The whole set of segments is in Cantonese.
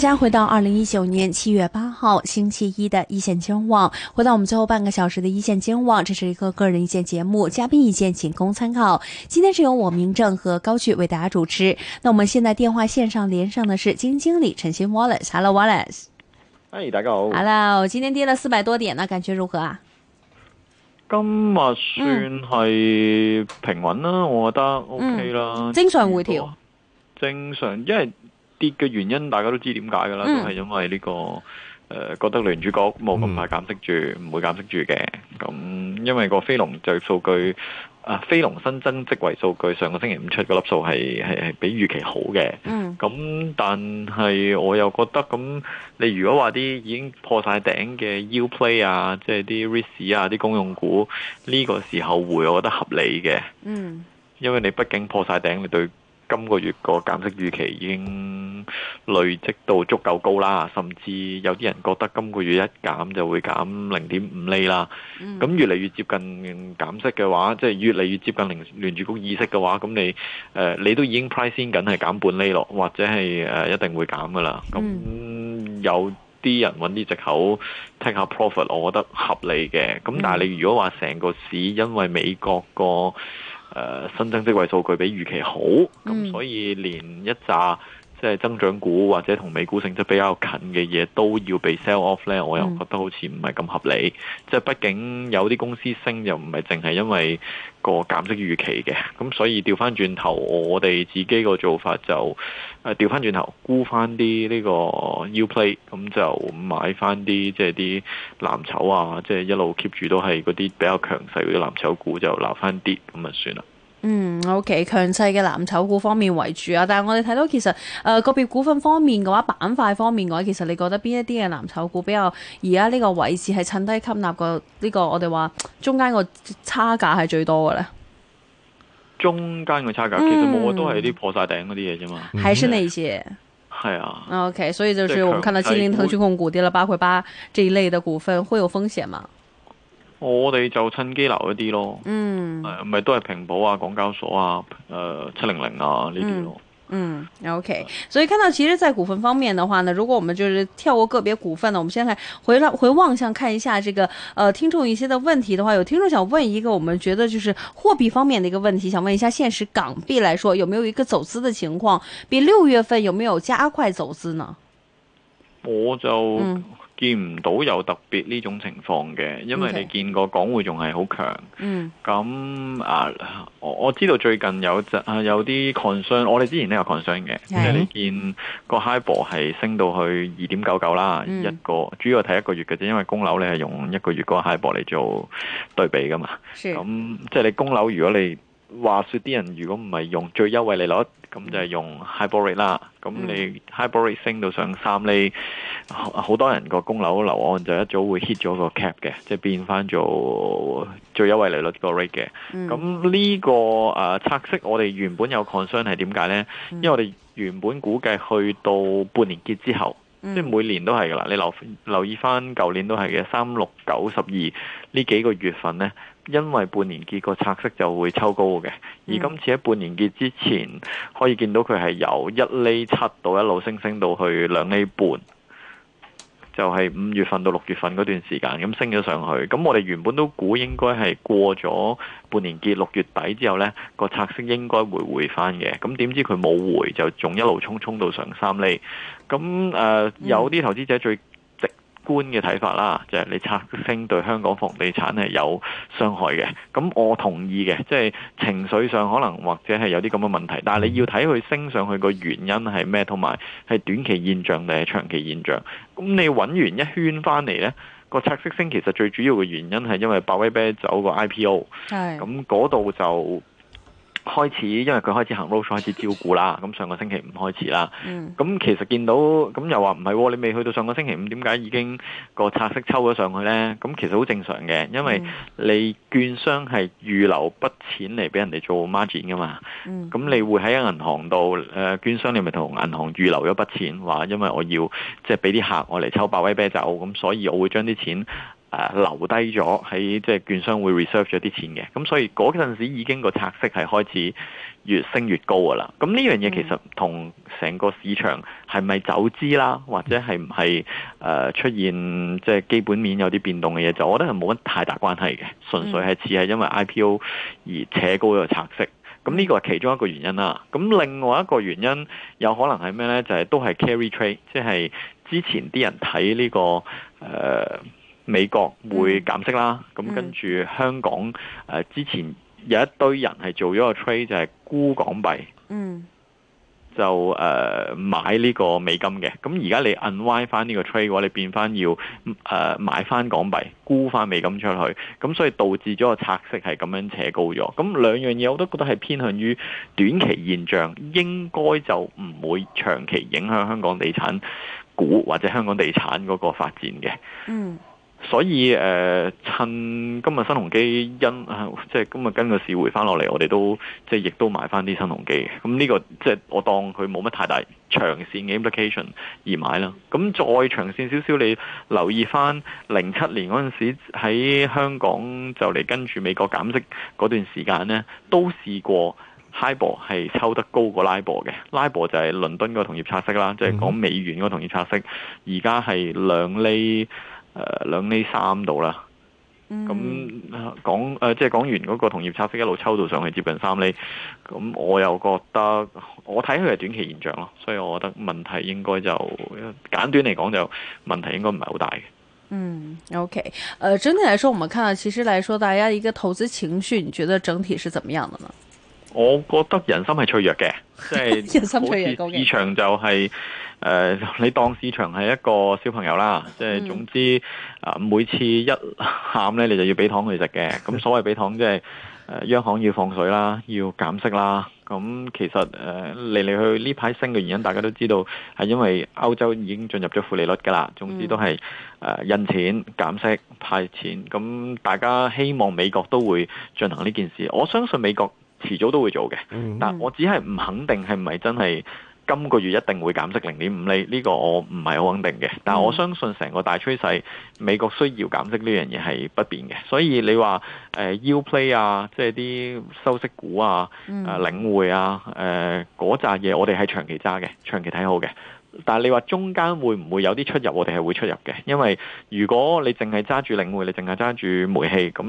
大家回到二零一九年七月八號星期一的一線金融網，回到我們最後半個小時的一線金融網。這是一個個人意見節目，嘉賓意見僅供參考。今天是由我明正和高旭為大家主持。那我們現在電話線上連上的是金經理陳昕 Wallace，Hello Wallace，, Hello Wallace hey, 好，Hello，今天跌了四百多點呢，感覺如何啊？今日算係平穩啦，嗯、我覺得 OK 啦、嗯，正常回調，正常，因為，跌嘅原因大家都知點解噶啦，都係、嗯、因為呢、這個誒、呃、覺得聯儲局冇咁快減息住，唔、嗯、會減息住嘅。咁因為那個非農就業數據啊，非農新增職位數據上個星期五出嘅粒數係係係比預期好嘅。嗯，咁但係我又覺得咁，你如果話啲已經破晒頂嘅 Yield Play 啊，即、就、係、是、啲 REITs 啊啲公用股呢、這個時候回，我覺得合理嘅。嗯，因為你畢竟破晒頂你對。今個月個減息預期已經累積到足夠高啦，甚至有啲人覺得今個月一減就會減零點五厘啦。咁越嚟越接近減息嘅話，即係越嚟越接近聯聯儲局議息嘅話，咁你誒你都已經 price 緊係減半厘咯，或者係誒一定會減噶啦。咁有啲人揾啲藉口 take 下 profit，我覺得合理嘅。咁但係你如果話成個市因為美國個。誒、uh, 新增職位數據比預期好，咁、mm. 所以連一扎即係增長股或者同美股性質比較近嘅嘢都要被 sell off 呢。Mm. 我又覺得好似唔係咁合理。即、就、係、是、畢竟有啲公司升又唔係淨係因為。個減息預期嘅，咁所以調翻轉頭，我哋自己個做法就誒調翻轉頭沽翻啲呢個 U play，咁就買翻啲即係啲藍籌啊，即係一路 keep 住都係嗰啲比較強勢嗰啲藍籌股就拿翻啲咁啊算啦。嗯，OK，強勢嘅藍籌股方面為主啊，但係我哋睇到其實誒、呃、個別股份方面嘅話，板塊方面嘅話，其實你覺得邊一啲嘅藍籌股比較而家呢個位置係趁低吸納個呢個我哋話中間個差價係最多嘅咧？中間個差價、嗯、其實冇，都係啲破晒頂嗰啲嘢啫嘛。嗯、還是那些。係啊。OK，所以就是我們看到金陵騰訊控股跌咗八塊八，這一類的股份會有風險嘛。我哋就趁機留一啲咯，嗯，係咪都係平保啊、港交所啊、誒七零零啊呢啲咯。嗯，嗯，OK，所以看到其實，在股份方面的話呢，如果我們就是跳過個別股份呢，我們先來回來回望向看一下這個，呃，聽眾一些的問題的話，有聽眾想問一個，我們覺得就是貨幣方面的一個問題，想問一下，現實港幣來說，有沒有一個走資的情況？比六月份有沒有加快走資呢？我就。嗯見唔到有特別呢種情況嘅，因為你見過港匯仲係好強。Okay. 嗯，咁啊、嗯，我我知道最近有隻啊，有啲抗衰，我哋之前都有抗衰嘅，即係的你見個 high 博係升到去二點九九啦，一個主要睇一個月嘅啫，因為供樓你係用一個月個 high 博嚟做對比噶嘛。咁即係你供樓，如果你話說啲人如果唔係用最優惠利率，咁就係用 HIBOR 啦。咁你 HIBOR 升到上三厘，好、嗯、多人個供樓樓按就一早會 hit 咗個 cap 嘅，即係變翻做最優惠利率個 rate 嘅、嗯這個 rate 嘅。咁呢個我誒拆息，我哋原本有 concern 係點解呢？因為我哋原本估計去到半年結之後。即係、嗯、每年都係嘅啦，你留留意翻舊年都係嘅，三六九十二呢幾個月份呢，因為半年結個拆息就會抽高嘅，而今次喺半年結之前、嗯、可以見到佢係由一厘七度一路升升到去兩厘半。就係五月份到六月份嗰段時間，咁升咗上去。咁我哋原本都估應該係過咗半年結六月底之後呢，個拆息應該會回翻嘅。咁點知佢冇回，就仲一路衝衝到上三厘。咁誒，有啲投資者最觀嘅睇法啦，就係、是、你拆息升對香港房地產係有傷害嘅。咁我同意嘅，即、就、係、是、情緒上可能或者係有啲咁嘅問題。但係你要睇佢升上去個原因係咩，同埋係短期現象定係長期現象？咁你搵完一圈翻嚟呢個拆息升其實最主要嘅原因係因為百威啤酒個 IPO，係咁嗰度就。開始，因為佢開始行 roadshow 開始招股啦。咁上個星期五開始啦。咁、嗯、其實見到咁又話唔係喎，你未去到上個星期五，點解已經個拆息抽咗上去呢？咁其實好正常嘅，因為你券商係預留筆錢嚟俾人哋做 margin 嘛。咁、嗯、你會喺銀行度誒、呃、券商，你咪同銀行預留咗筆錢，話因為我要即係畀啲客我嚟抽百威啤酒，咁所以我會將啲錢。誒、呃、留低咗喺即係券商會 reserve 咗啲錢嘅，咁所以嗰陣時已經個拆息係開始越升越高㗎啦。咁呢樣嘢其實同成個市場係咪走資啦，嗯、或者係唔係誒出現即係、就是、基本面有啲變動嘅嘢，就我覺得係冇乜太大關係嘅，純粹係似係因為 IPO 而扯高咗個拆息。咁呢個係其中一個原因啦。咁另外一個原因有可能係咩呢？就係、是、都係 carry trade，即係之前啲人睇呢、這個誒。呃美國會減息啦，咁跟住香港誒、嗯呃，之前有一堆人係做咗個 trade 就係沽港幣，嗯，就誒、呃、買呢個美金嘅，咁而家你 unwind 翻呢個 trade 嘅話，你變翻要誒、呃、買翻港幣沽翻美金出去，咁所以導致咗個拆息係咁樣扯高咗，咁兩樣嘢我都覺得係偏向於短期現象，應該就唔會長期影響香港地產股或者香港地產嗰個發展嘅，嗯。所以誒、呃，趁今日新鴻基因，啊、即係今日跟個市回翻落嚟，我哋都即係亦都買翻啲新鴻基。咁呢、呢個即係我當佢冇乜太大長線嘅 implication 而買啦。咁再長線少少，你留意翻零七年嗰陣時喺香港就嚟跟住美國減息嗰段時間呢，都試過 HIBOR 係抽得高過 LIBOR 嘅。LIBOR 就係倫敦個同業拆息啦，即係講美元個同業拆息。而家係兩厘。Hmm. 誒，兩厘、呃、三度啦，咁講誒，即係講完嗰個同業拆息一路抽到上去接近三厘，咁、嗯、我又覺得我睇佢係短期現象咯，所以我覺得問題應該就簡短嚟講就問題應該唔係好大嘅。嗯，OK，誒、呃，整體嚟說，我們看到其實來說，大家一個投資情緒，你覺得整體是怎麼樣的呢？我覺得人心係脆弱嘅，即係人心脆弱，市場就係、是。誒、呃，你當市場係一個小朋友啦，即係總之，啊、嗯呃、每次一喊咧，你就要俾糖佢食嘅。咁所謂俾糖即、就、係、是，誒、呃、央行要放水啦，要減息啦。咁其實誒嚟嚟去呢排升嘅原因，大家都知道係因為歐洲已經進入咗負利率㗎啦。總之都係誒、嗯呃、印錢、減息、派錢。咁大家希望美國都會進行呢件事。我相信美國遲早都會做嘅。嗯、但我只係唔肯定係唔係真係。今個月一定會減息零點五厘，呢、這個我唔係好肯定嘅。但係我相信成個大趨勢，美國需要減息呢樣嘢係不變嘅。所以你話誒 U play 啊，即係啲收息股啊，呃、領匯啊，誒嗰扎嘢，我哋係長期揸嘅，長期睇好嘅。但係你話中間會唔會有啲出入，我哋係會出入嘅。因為如果你淨係揸住領匯，你淨係揸住煤氣，咁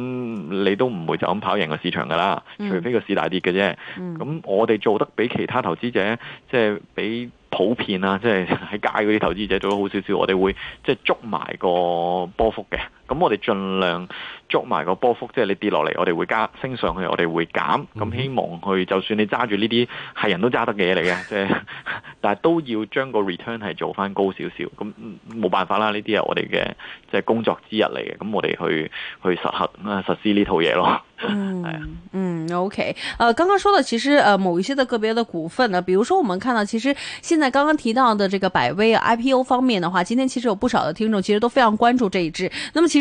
你都唔會就咁跑贏個市場噶啦。嗯、除非個市大跌嘅啫。咁、嗯、我哋做得比其他投資者，即、就、係、是、比普遍啦、啊，即係喺街嗰啲投資者做得好少少，我哋會即係捉埋個波幅嘅。咁我哋盡量捉埋個波幅，即係，你跌落嚟，我哋會加升上去，我哋會減。咁希望佢，就算你揸住呢啲係人都揸得嘅嘢嚟嘅，即係，但係都要將個 return 係做翻高少少。咁冇辦法啦，呢啲係我哋嘅即係工作之一嚟嘅。咁我哋去去實行啊，實施呢套嘢咯。嗯，啊 對、嗯。嗯，OK。呃，剛剛講到，其實呃某一些的個別嘅股份呢，譬如說，我們看到其實現在剛剛提到的這個百威、啊、IPO 方面的話，今天其實有不少的聽眾其實都非常關注這一支。那麼其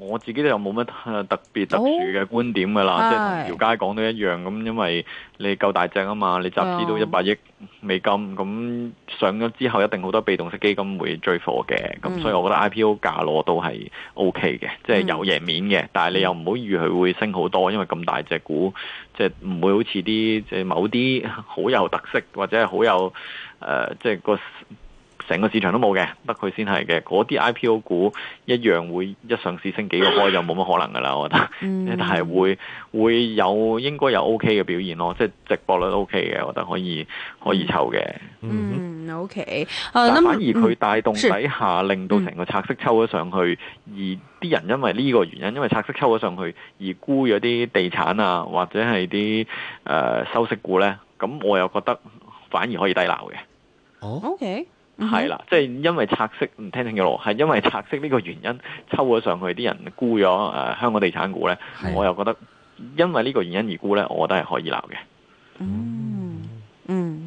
我自己都又冇乜特別特殊嘅觀點噶啦，oh, yes. 即係同條街講都一樣咁，因為你夠大隻啊嘛，你集資都一百億美金，咁、oh. 上咗之後一定好多被動式基金會追貨嘅，咁、mm. 所以我覺得 IPO 價攞到係 O K 嘅，即係、mm. 有贏面嘅。但係你又唔好預佢會升好多，因為咁大隻股即係唔會好似啲即係某啲好有特色或者係好有誒即係個。整個市場都冇嘅，得佢先係嘅。嗰啲 IPO 股一樣會一上市升幾個開就冇乜可能㗎喇，啊、我覺得。嗯、但係會會有應該有 OK 嘅表現咯，即係值博率 OK 嘅，我覺得可以可以抽嘅。嗯，嗯，OK、uh。反而佢帶動底下，嗯、令到成個拆息抽咗上去，嗯、而啲人因為呢個原因，因為拆息抽咗上去，而沽咗啲地產啊，或者係啲誒收息股呢。咁我又覺得反而可以低撈嘅。哦，OK。係啦，即係、uh huh。就是、因為拆息，唔聽聽嘅路，係因為拆息呢個原因抽咗上去的人了，啲人沽咗誒香港地產股呢。的我又覺得因為呢個原因而沽呢，我覺得係可以鬧嘅。嗯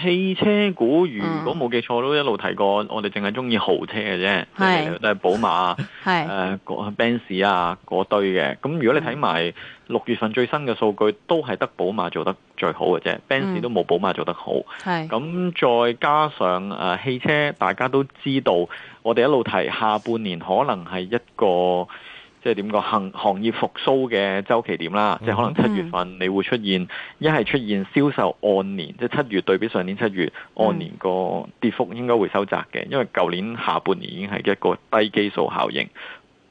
汽車股如果冇、嗯、記錯都一路提過，我哋淨係中意豪車嘅啫，都係是寶馬，Benz 啊嗰堆嘅。咁如果你睇埋六月份最新嘅數據，都係得寶馬做得最好嘅啫，Benz 都冇寶馬做得好。咁是再加上誒、呃、汽車，大家都知道，我哋一路提下半年可能係一個。即係點講，行行業復甦嘅周期點啦，嗯、即係可能七月份你會出現一係、嗯、出現銷售按年，即係七月對比上年七月按年個跌幅應該會收窄嘅，因為舊年下半年已經係一個低基數效應。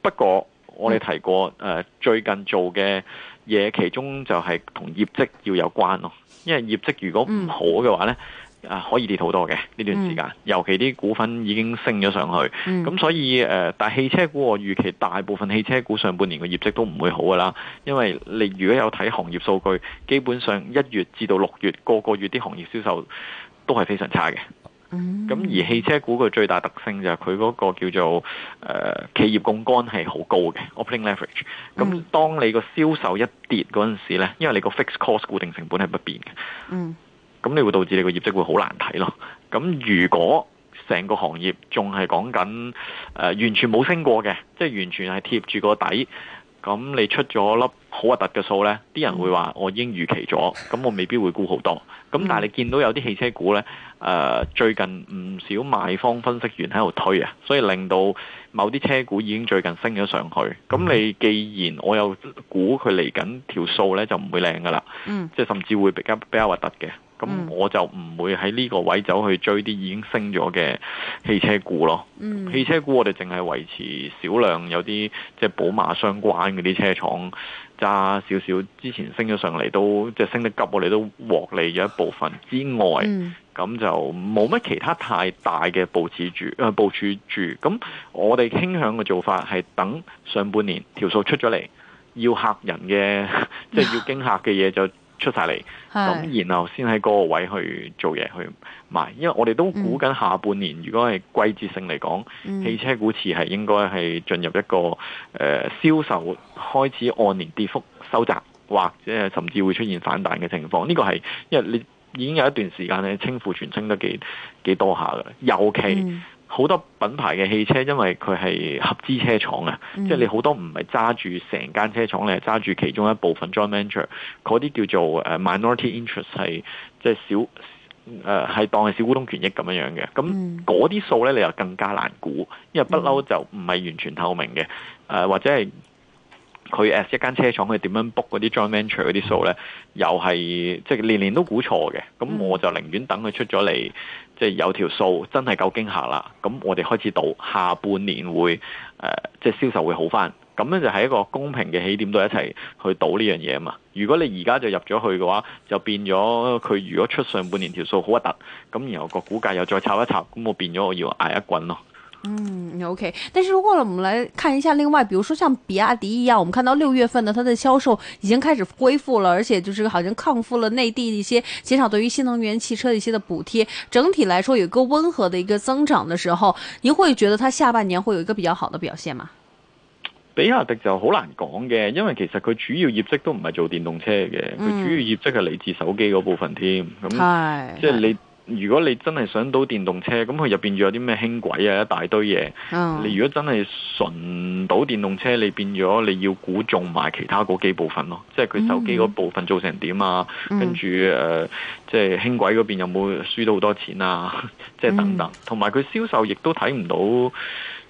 不過我哋提過，誒、嗯、呃、最近做嘅嘢其中就係同業績要有關咯，因為業績如果唔好嘅話呢。嗯啊，可以跌好多嘅呢段時間，嗯、尤其啲股份已經升咗上去，咁、嗯、所以誒、呃，但係汽車股我預期大部分汽車股上半年嘅業績都唔會好噶啦，因為你如果有睇行業數據，基本上一月至到六月個個月啲行業銷售都係非常差嘅，咁、嗯、而汽車股嘅最大特性就係佢嗰個叫做誒、呃、企業槓桿係好高嘅 operating leverage，咁、嗯、當你個銷售一跌嗰陣時咧，因為你個 fixed cost 固定成本係不變嘅。嗯咁你會導致你個業績會好難睇咯。咁如果成個行業仲係講緊呃、完全冇升過嘅，即係完全係貼住個底，咁你出咗粒好核突嘅數呢，啲、嗯、人會話我已經預期咗，咁我未必會估好多。咁但係你見到有啲汽車股呢，呃、最近唔少賣方分析員喺度推啊，所以令到某啲車股已經最近升咗上去。咁你既然我又估佢嚟緊條數呢，就唔會靚㗎喇，嗯、即係甚至會比較比較核突嘅。咁、嗯、我就唔會喺呢個位走去追啲已經升咗嘅汽車股咯。嗯、汽車股我哋淨係維持少量有啲，即係寶馬相關嘅啲車廠揸少少。之前升咗上嚟都即係、就是、升得急，我哋都獲利咗一部分之外，咁、嗯、就冇乜其他太大嘅部署住，誒部署住。咁、呃、我哋傾向嘅做法係等上半年條數出咗嚟，要吓人嘅，即係 要驚吓嘅嘢就。出晒嚟，咁是然後先喺嗰個位去做嘢，去賣，因為我哋都估緊下半年，嗯、如果係季節性嚟講，嗯、汽車股市係應該係進入一個誒、呃、銷售開始按年跌幅收窄，或者甚至會出現反彈嘅情況。呢、呢個係因為你已經有一段時間咧，清庫存清得幾幾多下嘅，尤其、嗯。好多品牌嘅汽車，因為佢係合資車廠啊，嗯、即係你好多唔係揸住成間車廠，你係揸住其中一部分 joint venture，嗰啲叫做、uh, minority interest 係即係小誒係、呃、當係小股東權益咁樣嘅。咁嗰啲數咧，你又更加難估，因為不嬲就唔係完全透明嘅，誒、嗯呃、或者係佢 as 一間車廠佢點樣 book 嗰啲 joint venture 嗰啲數咧，嗯、又係即係年年都估錯嘅。咁我就寧願等佢出咗嚟。即係有條數真係夠驚嚇啦，咁我哋開始賭下半年會誒、呃，即係銷售會好返，咁樣就係一個公平嘅起點，度一齊去賭呢樣嘢啊嘛。如果你而家就入咗去嘅話，就變咗佢如果出上半年條數好核突，咁然後個股價又再插一插，咁我變咗我要捱一滾咯。嗯，OK。但是如果我們來看一下另外，比如說像比亞迪一樣，我們看到六月份呢，它的銷售已經開始恢復了，而且就是好像康復了內地一些減少對於新能源汽車的一些的補貼，整體來說有一個温和的一個增長的時候，你會覺得它下半年會有一個比較好的表現嗎？比亞迪就好難講嘅，因為其實佢主要業績都唔係做電動車嘅，佢主要業績係嚟自手機嗰部分添，咁即係你。如果你真係想到電動車，咁佢入面仲有啲咩輕軌啊，一大堆嘢。Oh. 你如果真係純到電動車，你變咗你要估中埋其他嗰幾部分咯。即係佢手機嗰部分做成點啊？跟住誒，即、呃、係、就是、輕軌嗰邊有冇輸到好多錢啊？即係等等。同埋佢銷售亦都睇唔到，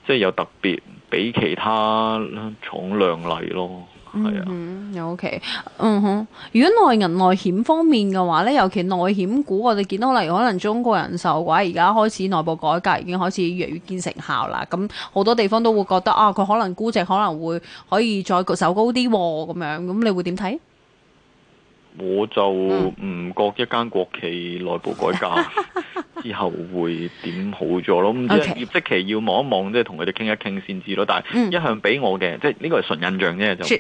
即係有特別比其他廠靚嚟咯。係、嗯、啊，又、嗯、OK，嗯哼。如果內銀內險方面嘅話咧，尤其內險股，我哋見到例如可能中國人壽嘅話，而家開始內部改革，已經開始越嚟越見成效啦。咁好多地方都會覺得啊，佢可能估值可能會可以再走高啲咁、哦、樣。咁你會點睇？我就唔覺一間國企內部改革 之後會點好咗咯，即係業績期要望一望，即係同佢哋傾一傾先知咯。但係一向俾我嘅， 即係呢、呢個係純印象啫，就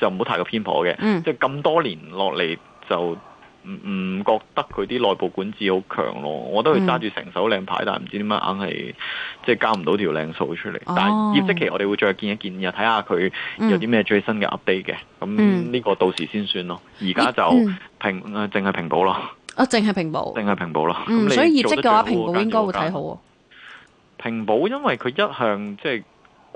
就唔好太過偏頗嘅。 即係咁多年落嚟就。唔唔覺得佢啲內部管治好強咯，我覺得佢揸住成手靚牌，嗯、但唔知點解硬係即係交唔到條靚數出嚟。哦、但係業績期我哋會再見一見，又睇下佢有啲咩最新嘅 update 嘅。咁呢、嗯、個到時先算咯。而家就平啊，淨係平保咯。啊，淨係平保，淨係平保咯。所以業績嘅話，平保應該會睇好啊。平保因為佢一向即係。就是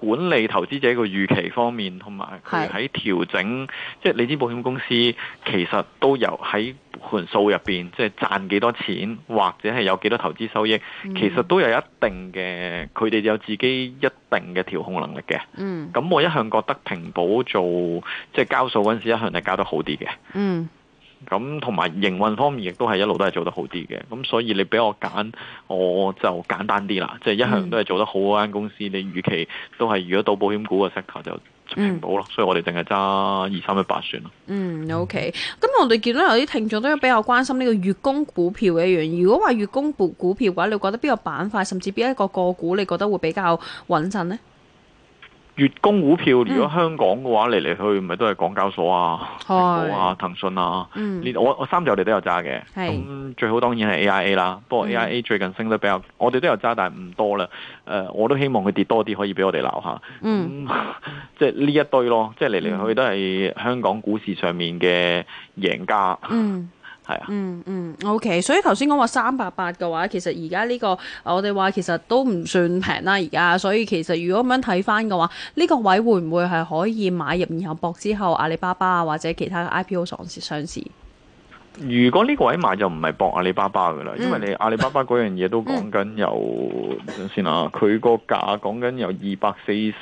管理投資者個預期方面，同埋佢喺調整，是即係你知保險公司其實都有喺盤數入邊，即係賺幾多錢或者係有幾多投資收益，嗯、其實都有一定嘅，佢哋有自己一定嘅調控能力嘅。嗯，咁我一向覺得平保做即係、就是、交數嗰陣時一向係交得好啲嘅。嗯。咁同埋營運方面亦都係一路都係做得好啲嘅，咁所以你俾我揀，我就簡單啲啦，即係一向都係做得好嗰間公司。你預期都係如果到保險股嘅 sector 就平保啦，嗯、所以我哋淨係揸二三一八算咯。嗯，OK。咁我哋見到有啲聽眾都比較關心呢個月供股票嘅一樣。如果話月供股票嘅話，你覺得邊個板塊甚至邊一個個股，你覺得會比較穩陣呢？月供股票，如果香港嘅話，嚟嚟、嗯、去去，咪都係港交所啊、哎、啊、騰訊啊，連、嗯、我我三隻我哋都有揸嘅。咁是最好當然係 AIA 啦，不過 AIA 最近升得比較，嗯、我哋都有揸，但係唔多啦。誒、呃，我都希望佢跌多啲，可以俾我哋撈下。咁即係呢一堆咯，即係嚟嚟去去都係香港股市上面嘅贏家。嗯 嗯嗯，OK，所以頭先講話三百八嘅話，其實而家呢個我哋話其實都唔算平啦，而家，所以其實如果咁樣睇翻嘅話，呢個位會唔會係可以買入然後博之後阿里巴巴啊或者其他 I P O 上市上市？如果呢個位賣就唔係博阿里巴巴噶啦，嗯、因為你阿里巴巴嗰樣嘢都講緊有，算先啦，佢個價講緊由二百四十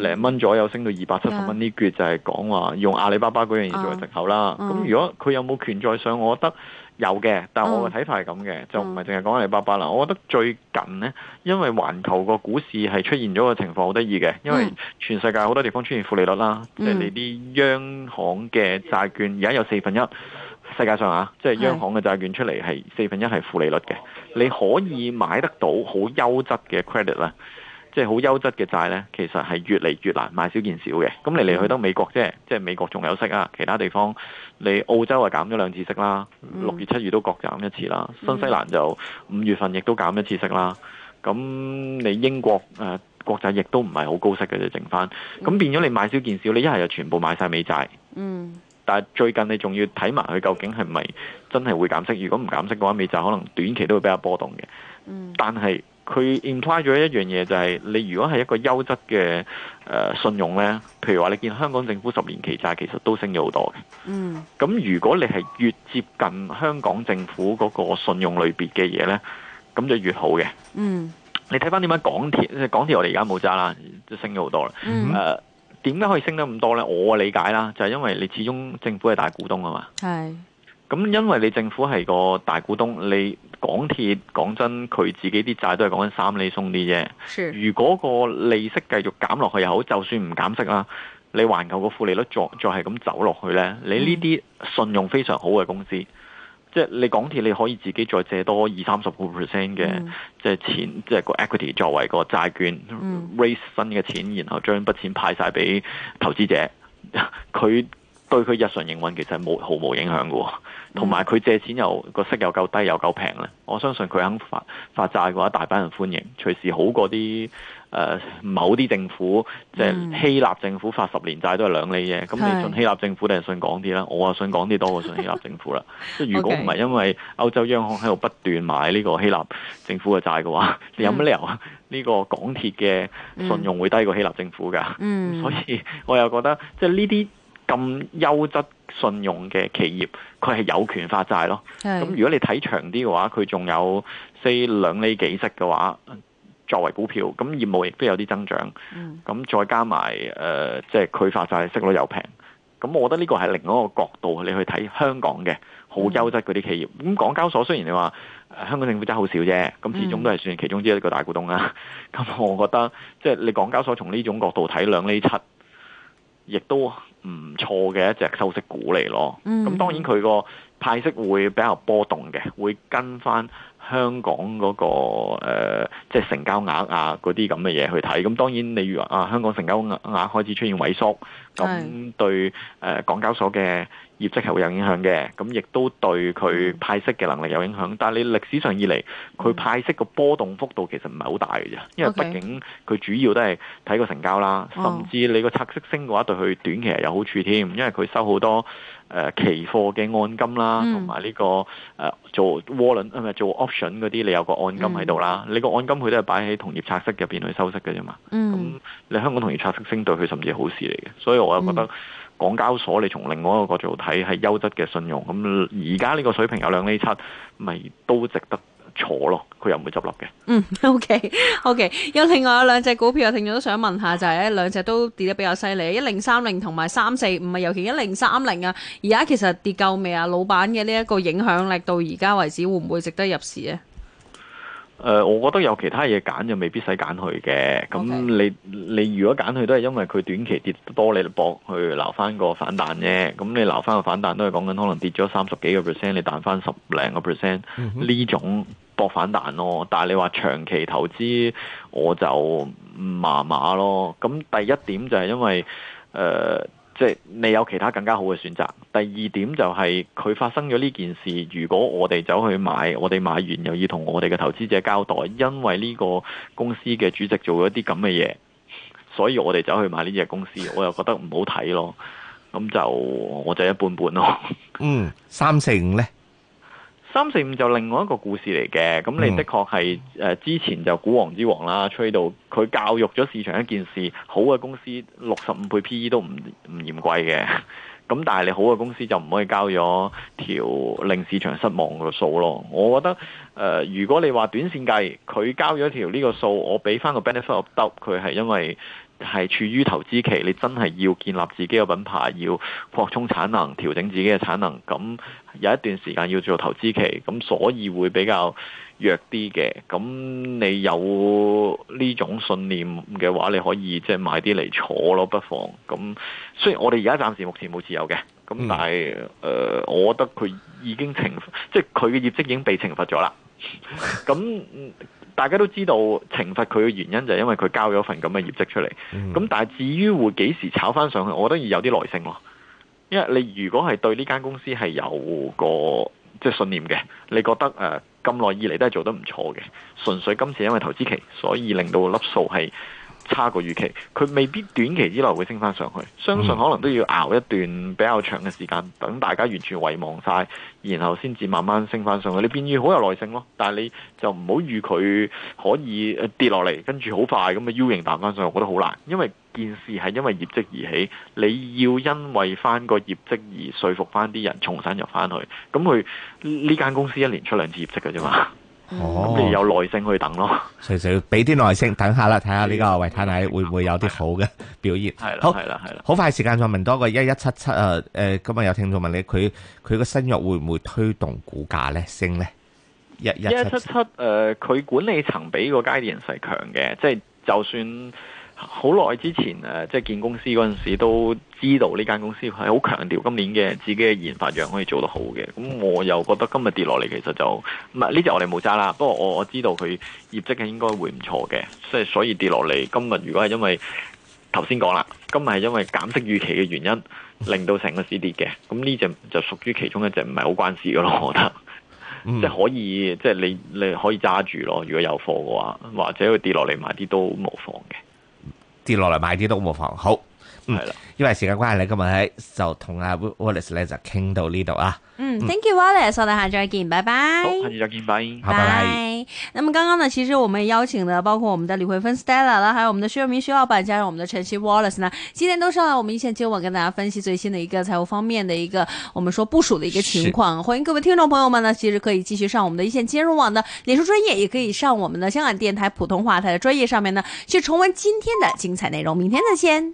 零蚊左右，升到二百七十蚊呢橛，就係講話用阿里巴巴嗰樣嘢做為藉口啦。咁、嗯、如果佢有冇權在上，我覺得有嘅，但係我嘅睇法係咁嘅，就唔係淨係講阿里巴巴啦。我覺得最近呢，因為環球個股市係出現咗個情況好得意嘅，因為全世界好多地方出現負利率啦，嗯、即係你啲央行嘅債券而家有四分一。世界上啊，即係央行嘅債券出嚟係四分一係負利率嘅，你可以買得到好優質嘅 credit 啦，即係好優質嘅債呢，其實係越嚟越難買，少見少嘅。咁嚟嚟去到美國，mm. 即係即係美國仲有息啊，其他地方你澳洲啊減咗兩次息啦，六、mm. 月七月都各減一次啦，新西蘭就五月份亦都減一次息啦。咁、mm. 你英國、呃、國債亦都唔係好高息嘅，就剩翻。咁變咗你買少見少，你一係就全部買晒美債。嗯。Mm. 但最近你仲要睇埋佢究竟係咪真係會減息？如果唔減息嘅話，你就可能短期都會比較波動嘅。嗯、但係佢 imply 咗一樣嘢，就是，就係你如果係一個優質嘅，呃、信用呢，譬如話你見香港政府十年期債其實都升咗好多嘅。咁、嗯、如果你係越接近香港政府嗰個信用類別嘅嘢呢，咁就越好嘅。嗯、你睇翻點解港鐵？港鐵我哋而家冇揸啦，升咗好多啦。嗯呃點解可以升得咁多呢？我理解啦，就係因為你始終政府係大股東啊嘛。係是。咁因為你政府係個大股東，你港鐵講真，佢自己啲債都係講緊三厘鬆啲啫。是如果個利息繼續減落去又好，就算唔減息啦，你環球個負利率再再係咁走落去呢，你呢啲信用非常好嘅公司。嗯即係你港鐵，你可以自己再借多二三十個 percent 嘅即係錢，mm. 即係個 equity 作為個債券 raise 新嘅錢，然後將筆錢派晒俾投資者。佢 對佢日常營運，運其實冇毫無影響嘅，同埋佢借錢又個息又夠低又夠平咧。我相信佢肯發發債嘅話，大班人歡迎，隨時好過啲。誒、呃、某啲政府，即、就、係、是、希臘政府發十年債都係兩厘嘅，咁、嗯、你信希信，是信，信希臘政府定係信港鐵啦？我啊信港鐵多過信希臘政府啦。即如果唔係因為歐洲央行喺度不斷買呢個希臘政府嘅債嘅話，嗯、你有乜理由呢個港鐵嘅信用會低過希臘政府㗎？嗯， 所以我又覺得即係呢啲咁優質信用嘅企業，佢係有權發債咯。咁是如果你睇長啲嘅話，佢仲有四兩厘幾息嘅話。作為股票，咁業務亦都有啲增長，咁再加埋誒、即係佢發債息率又平，咁我覺得呢個係另外一個角度你去睇香港嘅好優質嗰啲企業。咁港交所雖然你話、呃、香港政府真係好少啫，咁始終都係算其中之一個大股東啦。咁我覺得即係、就是、你港交所從呢種角度睇兩呢七，亦都唔錯嘅一隻收息股嚟咯。咁當然佢個派息會比較波動嘅，會跟翻。香港嗰、那個誒、即、呃、係、就是、成交額啊，嗰啲咁嘅嘢去睇。咁當然你，你如話啊香港成交額額開始出現萎縮，咁對誒、呃、港交所嘅業績係會有影響嘅。咁亦都對佢派息嘅能力有影響。但係你歷史上以嚟，佢派息嘅波動幅度其實唔係好大嘅啫，因為畢竟佢主要都係睇個成交啦。甚至你個拆息升嘅話，對佢短期係有好處添，因為佢收好多。誒、呃、期貨嘅按金啦，同埋呢個誒、呃、做窩輪啊，係咪做 option 嗰啲，你有個按金喺度啦。嗯、你個按金佢都係擺喺同業拆息入邊去收息嘅啫嘛。咁、嗯嗯、你香港同業拆息升對佢甚至係好事嚟嘅，所以我又覺得港交所你從另外一個角度睇係優質嘅信用。咁而家呢個水平有兩釐七，咪、就是、都值得。坐咯，佢又唔會執笠嘅。嗯，OK，OK。有、okay, okay，另外有兩隻股票啊，我聽眾都想問下，就係呢兩隻都跌得比較犀利，一零三零同埋三四五啊。尤其一零三零啊，而家其實跌夠未啊？老闆嘅呢一個影響力到而家為止，會唔會值得入市啊？誒、呃，我覺得有其他嘢揀就未必使揀佢嘅。咁 Okay. 你你如果揀佢，都係因為佢短期跌得多，你搏去留翻個反彈啫。咁你留翻個反彈都係講緊可能跌咗三十幾個 percent，你彈翻十零個 percent 呢種搏反彈咯。但係你話長期投資，我就麻麻咯。咁第一點就係因為誒。呃即係你有其他更加好嘅選擇。第二點就係佢發生咗呢件事，如果我哋走去買，我哋買完又要同我哋嘅投資者交代，因為呢個公司嘅主席做咗啲咁嘅嘢，所以我哋走去買呢隻公司，我又覺得唔好睇咯。咁就我就一般般咯。嗯，三成五呢？三四五就另外一個故事嚟嘅，咁你的確係誒之前就股王之王啦，吹到佢教育咗市場一件事，好嘅公司六十五倍 PE 都唔唔嫌貴嘅，咁但係你好嘅公司就唔可以交咗條令市場失望嘅數咯。我覺得誒、呃，如果你話短線計，佢交咗條呢個數，我俾翻個 benefit of doubt，佢係因為。係處於投資期，你真係要建立自己嘅品牌，要擴充產能，調整自己嘅產能，咁有一段時間要做投資期，咁所以會比較弱啲嘅。咁你有呢種信念嘅話，你可以即係、就是、買啲嚟坐咯，不妨。咁雖然我哋而家暫時目前冇持有嘅，咁但係誒、嗯呃，我覺得佢已經懲罰，即係佢嘅業績已經被懲罰咗啦。咁 大家都知道懲罰佢嘅原因就係因為佢交咗份咁嘅業績出嚟，咁、嗯、但係至於會幾時炒翻上去，我覺得要有啲耐性咯。因為你如果係對呢間公司係有個即係、就是、信念嘅，你覺得誒咁耐以嚟都係做得唔錯嘅，純粹今次因為投資期，所以令到粒數係差過預期，佢未必短期之內會升翻上去。相信可能都要熬一段比較長嘅時間，等大家完全遺忘晒，然後先至慢慢升翻上去。你必須好有耐性咯，但係你就唔好預佢可以跌落嚟，跟住好快咁嘅 U 型彈翻上去，我覺得好難。因為件事係因為業績而起，你要因為翻個業績而說服翻啲人重新入翻去。咁佢呢間公司一年出兩次業績㗎啫嘛。 哦，咁你有耐性去等咯，隨時俾啲耐性等下啦，睇下呢個維他奶會唔會有啲好嘅表現？係啦，係啦，係啦，好快時間再問多個一一七七啊，誒，今日有聽眾問你，佢佢個新藥會唔會推動股價咧升咧？一一七七誒，佢、呃、管理層比個階段人士強嘅，即係就算好耐之前誒，即係建公司嗰陣時都。知道呢間公司係好強調今年嘅自己嘅研發樣可以做得好嘅，咁我又覺得今日跌落嚟其實就唔係呢隻，我哋冇揸啦，不過我知道佢業績係應該會唔錯嘅，所以所以跌落嚟今日如果係因為頭先講啦，今日係因為減息預期嘅原因令到成個市跌嘅，咁呢隻就屬於其中一隻，唔係好關事㗎咯。我覺得、嗯、即係可以即係你你可以揸住咯，如果有貨嘅話，或者佢跌落嚟買啲都冇妨嘅，跌落嚟買啲都冇妨，好。係啦，嗯、了因為時間關係，呢今日喺就同阿 Wallace 呢就傾到呢度啊。啊嗯，嗯，Thank you Wallace，我哋下再見，拜拜。好，下次再見，拜拜。拜。那麼剛剛呢，其實我們邀請的包括我們的李慧芬 Stella 啦，還有我們的薛耀明薛老闆，加上我們的陳昕 Wallace 呢，今天都上了我們一線接入網，跟大家分析最新的一個財務方面的一個我們說部署的一個情況。是歡迎各位聽眾朋友們呢，其實可以繼續上我們的一線接入網的臉書專頁，也可以上我們的香港電台普通話台的專頁上面呢，去重温今天的精彩內容。明天再見。